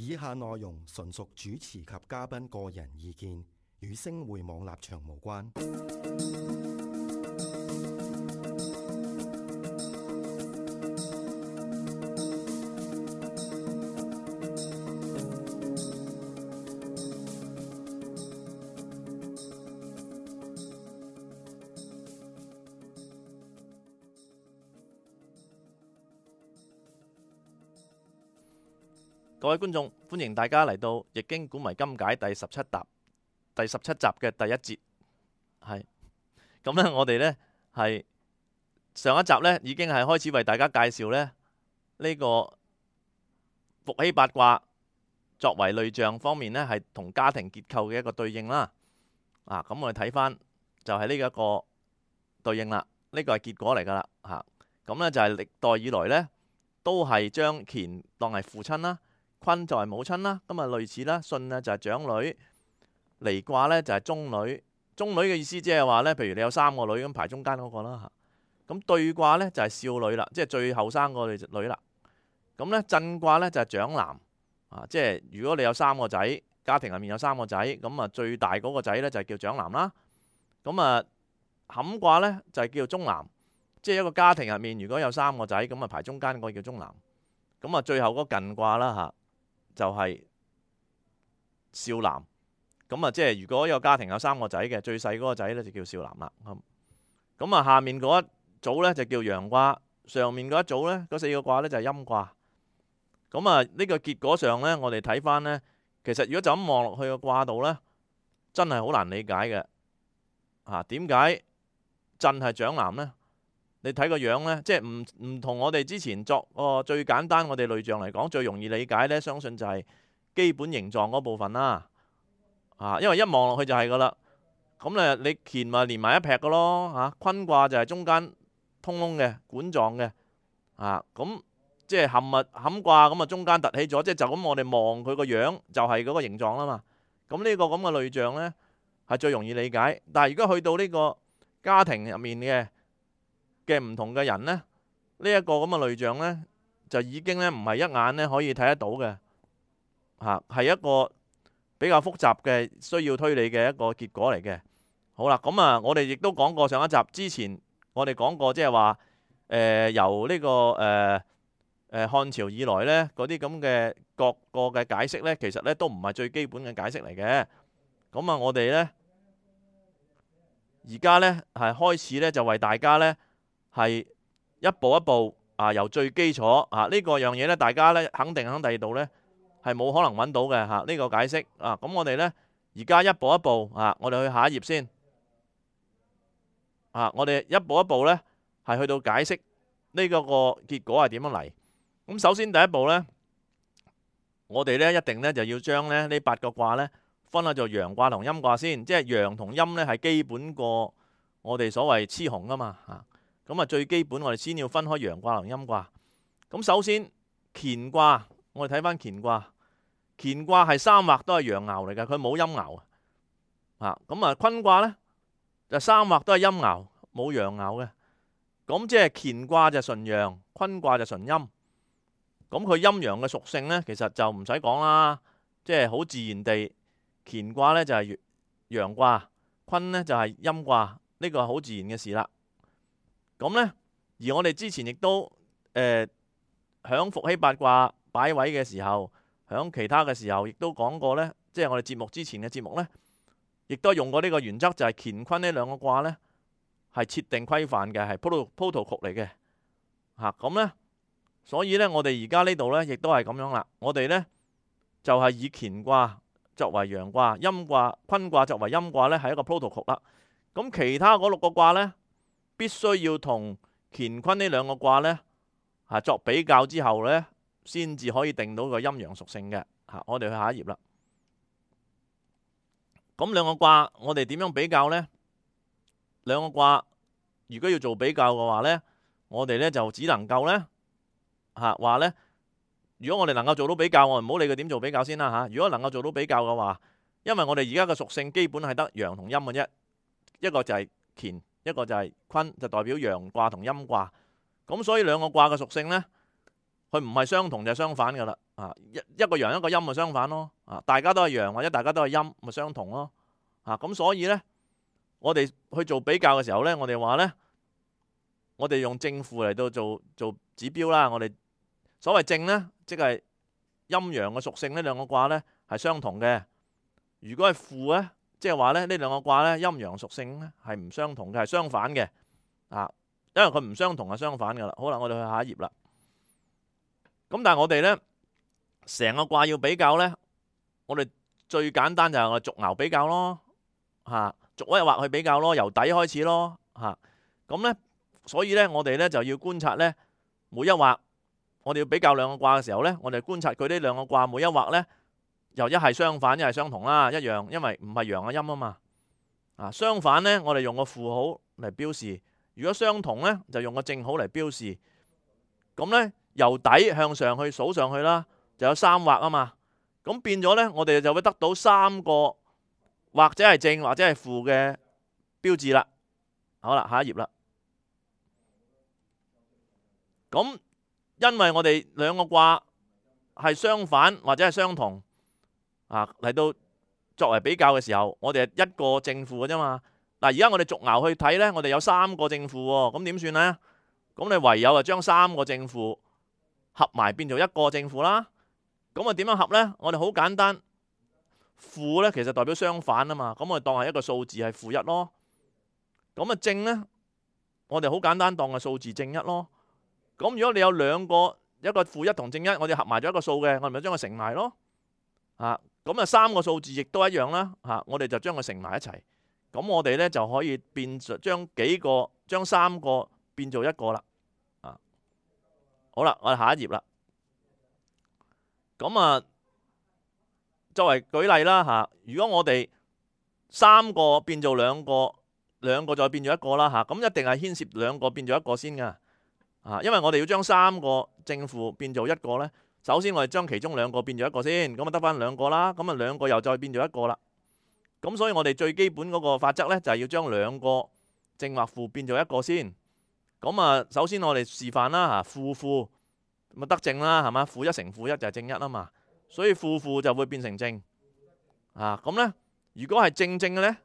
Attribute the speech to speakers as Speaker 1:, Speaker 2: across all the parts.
Speaker 1: 以下內容純屬主持及嘉賓個人意見，與星匯網立場無關。各位觀眾。歡迎大家嚟到《易經古謎今解》第十七集，第十七集嘅第一節，係咁咧。我哋呢係上一集呢已經係開始為大家介紹咧呢個伏羲八卦作為類象方面呢係同家庭結構嘅一個對應啦。啊，咁我哋睇返就係呢一個對應啦。呢個係結果嚟㗎啦。嚇咁呢就係歷代以來呢都係將乾當係父親啦。坤就係母親啦，咁啊類似啦，巽咧就係長女，離卦咧就係中女，中女嘅意思即係話咧，譬如你有三個女咁排中間嗰個啦吓，咁兌卦咧就係少女啦，即係最後生個女啦，咁咧震卦咧就係長男，啊即係如果你有三個仔，家庭入面有三個仔，咁啊最大嗰個仔咧就係叫長男啦，咁啊坎卦咧就係叫中男，即係一個家庭入面如果有三個仔，咁啊排中間嗰個叫中男，咁啊最後嗰艮卦啦吓。就係少男，咁啊，即係如果有家庭有三個仔嘅，最細嗰個仔呢就叫少男啦。咁，啊，下面嗰一組呢就叫陽卦，上面嗰一組呢，嗰四個卦呢就係陰卦。咁啊，呢個結果上呢，我哋睇翻呢。其實如果就咁望落去個卦度呢，真係好難理解嘅。吓，點解震係長男呢？你睇個樣咧，即係唔唔同我哋之前作、哦、最簡單我哋類象嚟講，最容易理解咧，相信就係基本形狀嗰部分啦。啊，因為一望落去就係噶啦。咁咧，你乾咪連埋一劈噶咯，坤、啊、卦就係中間通窿嘅管狀嘅。啊，咁、嗯、即係坎物坎卦咁啊，中間凸起咗，即係就咁我哋望佢個樣就係嗰個形狀啦嘛。咁呢個咁嘅類象咧係最容易理解。但係如果去到呢個家庭入面嘅，嘅唔同嘅人呢，呢一個咁嘅類象呢，就已經呢唔係一眼呢可以睇得到嘅，吓，係一個比較複雜嘅需要推理嘅一個結果嚟嘅。好啦，咁啊，我哋亦都講過上一集之前我，我哋講過即係話，誒由呢個誒誒漢朝以來呢嗰啲咁嘅各個嘅解釋呢，其實呢都唔係最基本嘅解釋嚟嘅。咁啊，我哋呢而家呢係開始呢，就為大家呢。係一步一步啊，由最基礎啊呢、這個樣嘢咧，大家咧肯定喺第二度咧係冇可能揾到嘅吓呢個解釋啊。咁我哋咧而家一步一步啊，我哋去下一頁先啊。我哋一步一步咧係去到解釋呢嗰個，個結果係點樣嚟。咁、啊、首先第一步咧，我哋咧一定咧就要將咧呢這八個卦咧分咗做陽卦同陰卦先，即係陽同陰咧係基本過我哋所謂雌雄啊嘛吓。咁啊，最基本我哋先要分開陽卦同陰卦。咁首先乾卦，我哋睇翻乾卦。乾卦係三畫都係陽爻嚟嘅，佢冇陰爻啊。啊，咁啊坤卦咧就三畫都係陰爻，冇陽爻嘅。咁即係乾卦就純陽，坤卦就純陰。咁佢陰陽嘅屬性咧，其實就唔使講啦，即係好自然地，乾卦咧就係陽卦，坤咧就係陰卦，呢個係好自然嘅事啦。咁咧，而我哋之前亦都誒，響伏羲八卦擺位嘅時候，響其他嘅時候，亦都講過咧，即係我哋節目之前嘅節目咧，亦都用過呢個原則，就係乾坤呢兩個卦咧，係設定規範嘅，係 protocol protocol 嚟嘅。嚇咁咧，所以咧，我哋而家呢度咧，亦都係咁樣啦。我哋咧就係、是、以乾卦作為陽卦，陰卦坤卦作為陰卦咧，係一個 protocol 啦。咁其他嗰六個卦咧。必須要同乾坤呢兩個卦呢吓作比較之後呢，先至可以定到個陰陽屬性嘅吓。我哋去下一頁啦。咁兩個卦，我哋點樣比較呢？兩個卦如果要做比較嘅話呢，我哋呢就只能夠呢。吓話呢，如果我哋能夠做到比較，我唔好理佢點做比較先啦吓。如果能夠做到比較嘅話，因為我哋而家嘅屬性基本係得陽同陰嘅一，一個就係乾。一個就係坤，就代表陽卦同陰卦，咁所以兩個卦嘅屬性呢，佢唔係相同就相反噶啦，啊一一個陽一個陰咪相反咯，啊大家都係陽或者大家都係陰咪相同咯，啊咁所以呢，我哋去做比較嘅時候呢，我哋話呢，我哋用正負嚟到做做指標啦，我哋所謂正呢，即係陰陽嘅屬性呢兩個卦呢係相同嘅，如果係負呢？即係話咧，呢兩個卦咧，陰陽屬性咧係唔相同嘅，係相反嘅，啊，因為佢唔相同係，相反噶啦。好啦，我哋去下一頁啦。咁但係我哋咧，成個卦要比較咧，我哋最簡單就係我哋逐爻比較咯，吓，逐一畫去比較咯，由底開始咯，吓。咁咧，所以咧，我哋咧就要觀察咧，每一畫，我哋要比較兩個卦嘅時候咧，我哋觀察佢呢兩個卦每一畫咧。又一係相反，一係相同啦，一樣，因為唔係陽嘅陰啊嘛。啊，相反呢，我哋用個負號嚟標示；如果相同呢，就用個正號嚟標示。咁呢，由底向上去數上去啦，就有三畫啊嘛。咁變咗呢，我哋就會得到三個或者係正或者係負嘅標誌啦。好啦，下一頁啦。咁因為我哋兩個卦係相反或者係相同。啊，嚟到作為比較嘅時候，我哋係一個正負嘅啫嘛。嗱、啊，而家我哋逐爻去睇咧，我哋有三個正負喎、哦，咁點算咧？咁你唯有就將三個正負合埋變做一個正負啦。咁啊，點樣合咧？我哋好簡單，負咧其實代表相反啊嘛。咁我當係一個數字係負一咯。咁啊正咧，我哋好簡單當係數字正一咯。咁如果你有兩個一個負一同正一，我哋合埋咗一個數嘅，我哋咪將佢乘埋咯。啊！咁啊，三個數字亦都一樣啦，嚇！我哋就將佢乘埋一齊，咁我哋咧就可以變將幾個將三個變做一個啦，啊！好啦，我哋下一頁啦。咁啊，作為舉例啦，嚇！如果我哋三個變做兩個，兩個再變做一個啦，嚇！咁一定係牽涉兩個變做一個先噶，啊！因為我哋要將三個正負變做一個咧。首先我哋將其中兩個變咗一個先，咁啊得翻兩個啦，咁啊兩個又再變咗一個啦，咁所以我哋最基本嗰個法則呢，就係要將兩個正或負變咗一個先，咁啊首先我哋示範啦吓，負負咪得正啦，係嘛負一乘負一就係正一啊嘛，所以負負就會變成正，啊咁咧如果係正正嘅呢，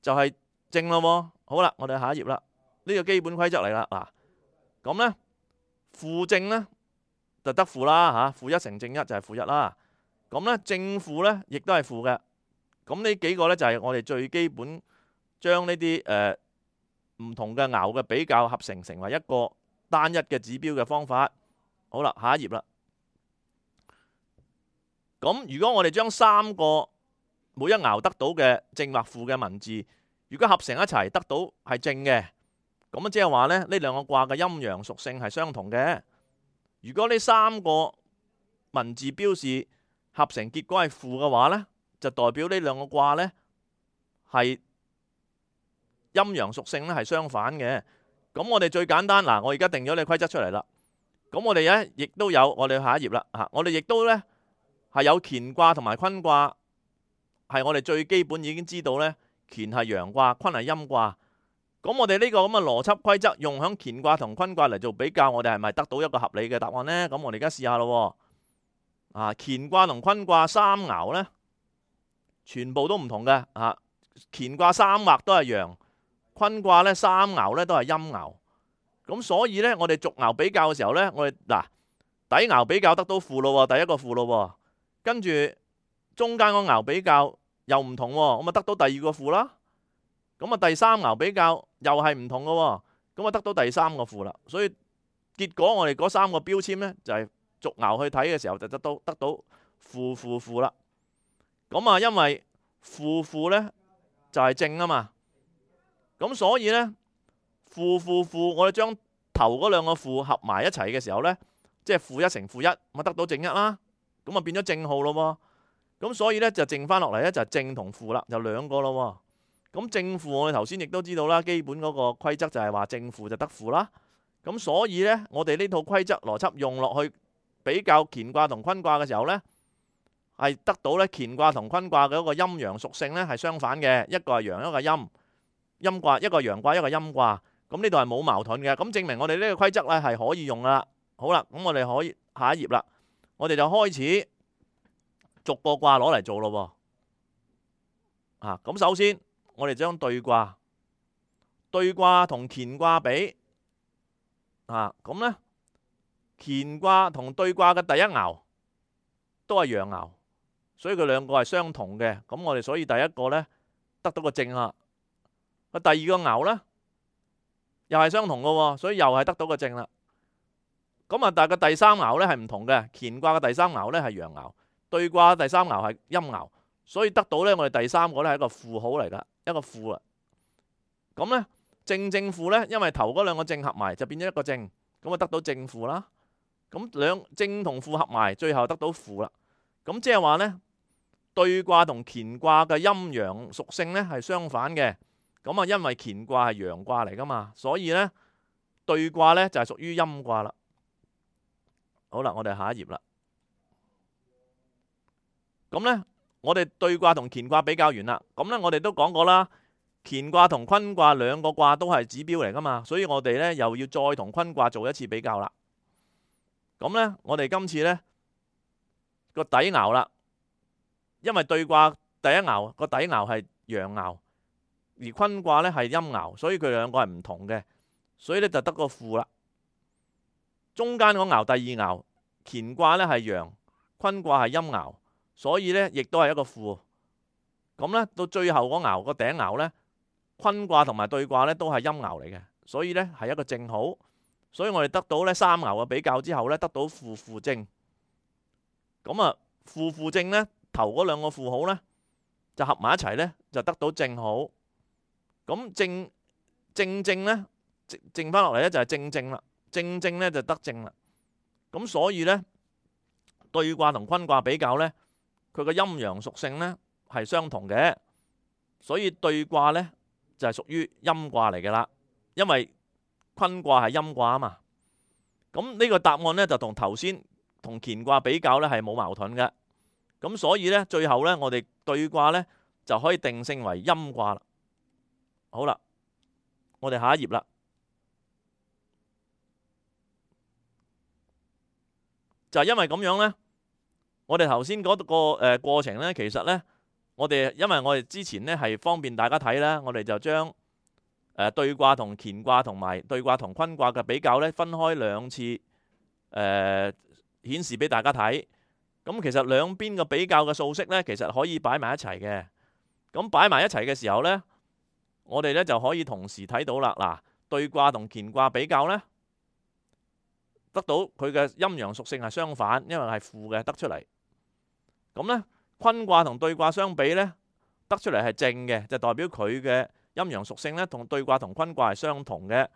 Speaker 1: 就係正咯，好啦，我哋下一頁啦，呢個基本規則嚟啦嗱，咁咧負正呢。就得負啦嚇，負一乘正一就係負一啦。咁呢，正負呢亦都係負嘅。咁呢幾個呢，就係我哋最基本將呢啲誒唔同嘅爻嘅比較合成成為一個單一嘅指標嘅方法。好啦，下一頁啦。咁如果我哋將三個每一爻得到嘅正或負嘅文字，如果合成一齊得到係正嘅，咁即係話呢，呢兩個卦嘅陰陽屬性係相同嘅。如果呢三個文字標示合成結果係負嘅話呢，就代表呢兩個卦呢係陰陽屬性呢係相反嘅。咁我哋最簡單嗱，我而家定咗呢規則出嚟啦。咁我哋呢亦都有，我哋下一頁啦嚇。我哋亦都呢係有乾卦同埋坤卦，係我哋最基本已經知道呢，乾係陽卦，坤係陰卦。咁我哋呢個咁嘅邏輯規則用喺乾卦同坤卦嚟做比較，我哋係咪得到一個合理嘅答案呢？咁我哋而家試下咯，啊，乾卦同坤卦三爻呢，全部都唔同嘅。啊，乾卦三畫都係陽，坤卦呢三爻呢都係陰爻。咁所以呢，我哋逐爻比較嘅時候呢，我哋嗱底爻比較得到負咯，第一個負咯，跟住中間個爻比較又唔同，咁咪得到第二個負啦。咁啊，第三爻比較又係唔同嘅喎，咁啊得到第三個負啦，所以結果我哋嗰三個標籤呢，就係逐爻去睇嘅時候就得到得到負負負啦。咁啊，因為負負呢，就係正啊嘛，咁所以呢，負負負我哋將頭嗰兩個負合埋一齊嘅時候呢，即係負一乘負一咪得到正一啦，咁啊變咗正號咯喎，咁所以呢，就剩返落嚟呢，就係正同負啦，就兩個咯喎。咁正負我哋頭先亦都知道啦，基本嗰個規則就係話正負就得負啦。咁所以咧，我哋呢套規則邏輯用落去比較乾卦同坤卦嘅時候咧，係得到咧乾卦同坤卦嘅一個陰陽屬性咧係相反嘅，一個係陽一個陰陰卦，一個係陽卦一個係陰卦。咁呢度係冇矛盾嘅，咁證明我哋呢個規則咧係可以用噶啦。好啦，咁我哋可以下一頁啦，我哋就開始逐個卦攞嚟做咯。啊，咁首先。我哋將對卦、對卦同乾卦比啊，咁呢乾卦同對卦嘅第一爻都係陽爻，所以佢兩個係相同嘅。咁我哋所以第一個呢得到個正啦，個第二個爻呢又係相同嘅，所以又係得到個正啦。咁啊，但係個第三爻呢係唔同嘅，乾卦嘅第三爻呢係陽爻，對卦第三爻係陰爻。所以得到呢，我哋第三個呢係一個負號嚟㗎，一個負啦。咁呢，正正負呢，因為頭嗰兩個正合埋，就變咗一個正。咁啊得到正負啦。咁兩正同負合埋，最後得到負啦。咁即係話呢，對卦同乾卦嘅陰陽屬性呢係相反嘅。咁啊，因為乾卦係陽卦嚟㗎嘛，所以呢對卦呢就係屬於陰卦啦。好啦，我哋下一頁啦。咁呢。我哋對卦同乾卦比較完啦，咁咧我哋都講過啦，乾卦同坤卦兩個卦都係指標嚟噶嘛，所以我哋咧又要再同坤卦做一次比較啦。咁咧，我哋今次咧個底爻啦，因為對卦第一爻個底爻係陽爻，而坤卦咧係陰爻，所以佢兩個係唔同嘅，所以咧就得個負啦。中間個爻第二爻，乾卦咧係陽，坤卦係陰爻。所以呢，亦都係一個負咁呢。到最後嗰牛個頂牛呢，坤卦同埋對卦呢都係陰牛嚟嘅，所以呢係一個正好。所以我哋得到呢三牛嘅比較之後呢，得到負負正咁啊，負負正呢頭嗰兩個負號呢就合埋一齊呢，就得到正好。咁正正正呢正正翻落嚟呢就係正正啦，正正呢就得正啦。咁所以呢對卦同坤卦比較呢。佢個陰陽屬性呢係相同嘅，所以對卦呢就係屬於陰卦嚟嘅啦，因為坤卦係陰卦啊嘛。咁呢個答案呢就同頭先同乾卦比較呢係冇矛盾嘅，咁所以呢最後呢我哋對卦呢就可以定性為陰卦啦。好啦，我哋下一頁啦，就係因為咁樣呢。我哋頭先嗰個誒過程呢，其實呢，我哋因為我哋之前呢係方便大家睇啦，我哋就將誒對卦同乾卦同埋對卦同坤卦嘅比較呢，分開兩次誒顯示俾大家睇。咁其實兩邊嘅比較嘅數式呢，其實可以擺埋一齊嘅。咁擺埋一齊嘅時候呢，我哋呢就可以同時睇到啦。嗱，對卦同乾卦比較呢，得到佢嘅陰陽屬性係相反，因為係負嘅得出嚟。咁呢坤卦同對卦相比呢，得出嚟係正嘅，就代表佢嘅陰陽屬性呢同對卦同坤卦係相同嘅。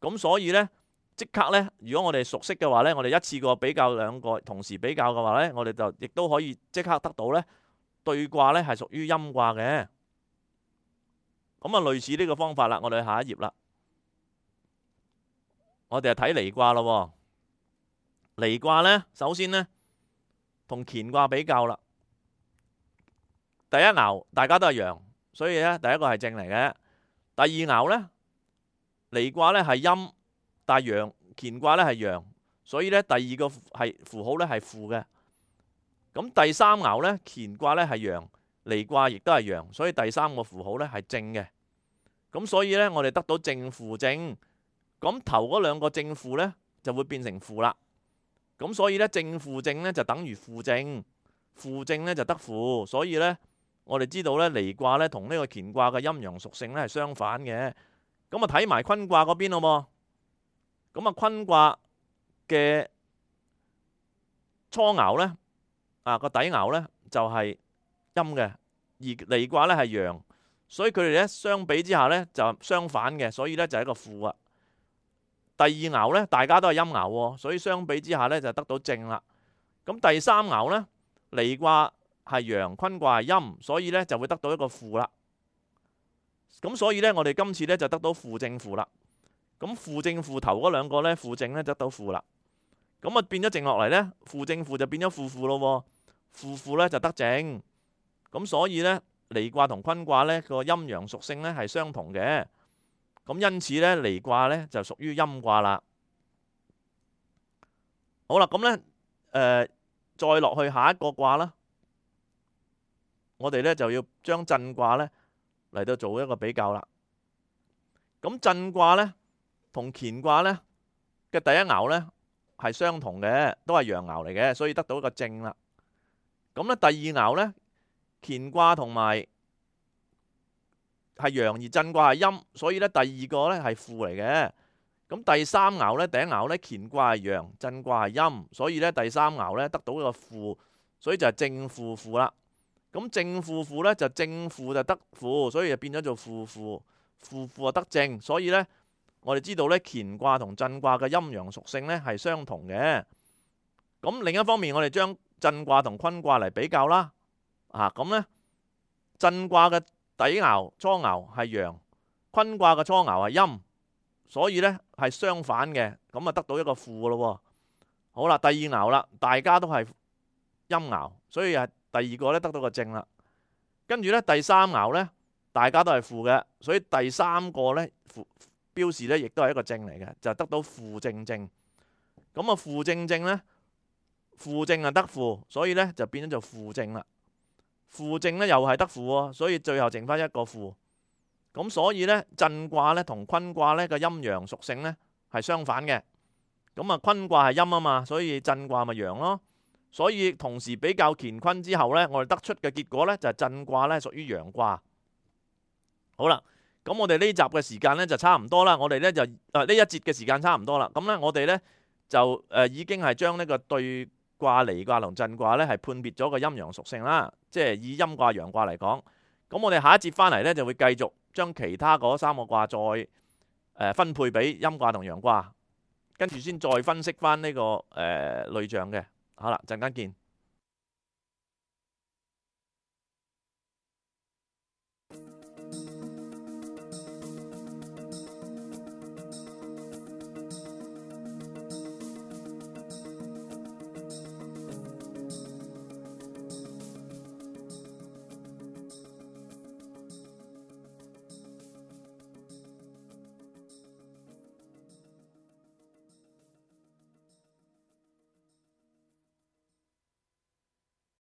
Speaker 1: 咁所以呢，即刻呢，如果我哋熟悉嘅話呢，我哋一次過比較兩個同時比較嘅話呢，我哋就亦都可以即刻得到呢對卦呢係屬於陰卦嘅。咁啊，類似呢個方法啦，我哋下一頁啦，我哋就睇離卦咯，哦。離卦呢，首先呢。同乾卦比較啦，第一爻大家都係陽，所以呢第一個係正嚟嘅。第二爻呢，離卦呢係陰，但係陽乾卦呢係陽，所以呢第二個係符號呢係負嘅。咁第三爻呢，乾卦呢係陽，離卦亦都係陽，所以第三個符號呢係正嘅。咁所以呢我哋得到正負正，咁頭嗰兩個正負呢就會變成負啦。咁所以咧，正負正咧就等於負正，負正咧就得負，所以咧我哋知道咧離卦咧同呢個乾卦嘅陰陽屬性咧係相反嘅。咁啊，睇埋坤卦嗰邊咯，咁啊，坤卦嘅初爻咧，啊個底爻咧就係陰嘅，而離卦咧係陽，所以佢哋咧相比之下咧就相反嘅，所以咧就係一個負啊。第二爻咧，大家都係陰爻，所以相比之下咧就得到正啦。咁第三爻咧，離卦係陽，坤卦係陰，所以咧就會得到一個負啦。咁所以咧，我哋今次咧就得到負正負啦。咁負正負頭嗰兩個咧，負正咧得到負啦。咁啊變咗正落嚟咧，負正負就變咗負負咯。負負咧就得正。咁所以咧，離卦同坤卦咧個陰陽屬性咧係相同嘅。咁因此呢，離卦呢就屬於陰卦啦。好啦，咁呢誒，再落去下一個卦啦。我哋呢就要將震卦呢嚟到做一個比較啦。咁震卦呢同乾卦呢嘅第一爻呢係相同嘅，都係陽爻嚟嘅，所以得到一個正啦。咁呢第二爻呢，乾卦同埋，係陽而震卦係陰，所以咧第二個咧係負嚟嘅。咁第三爻咧，第一爻咧，乾卦係陽，震卦係陰，所以咧第三爻咧得到一個負，所以就係正負負啦。咁正負負咧就正負就得負，所以就變咗做負負，負負就得正。所以咧，我哋知道咧，乾卦同震卦嘅陰陽屬性咧係相同嘅。咁另一方面，我哋將震卦同坤卦嚟比較啦。啊，咁咧震卦嘅。底爻初爻係陽，坤卦嘅初爻係陰，所以呢係相反嘅，咁啊得到一個負咯。好啦，第二爻啦，大家都係陰爻，所以係第二個呢得到個正啦。跟住呢，第三爻呢，大家都係負嘅，所以第三個呢，負標示呢亦都係一個正嚟嘅，就得到負正正。咁啊負正正呢，負正啊得負，所以呢就變咗做負正啦。負正咧，又係得負，所以最後剩翻一個負。咁所以呢，震卦咧，同坤卦呢個陰陽屬性呢係相反嘅。咁啊坤卦係陰啊嘛，所以震卦咪陽咯。所以同時比較乾坤之後呢，我哋得出嘅結果呢就係震卦呢屬於陽卦。好啦，咁我哋呢集嘅時間呢就差唔多啦。我哋呢就誒呢一節嘅時間差唔多啦。咁呢，我哋呢就誒已經係將呢個對。卦離卦同震卦咧，係判別咗個陰陽屬性啦，即係以陰卦、陽卦嚟講。咁我哋下一節翻嚟咧就會繼續將其他嗰三個卦再分配俾陰卦同陽卦，跟住先再分析翻、這、呢個誒、呃、類象嘅。好啦，陣間見。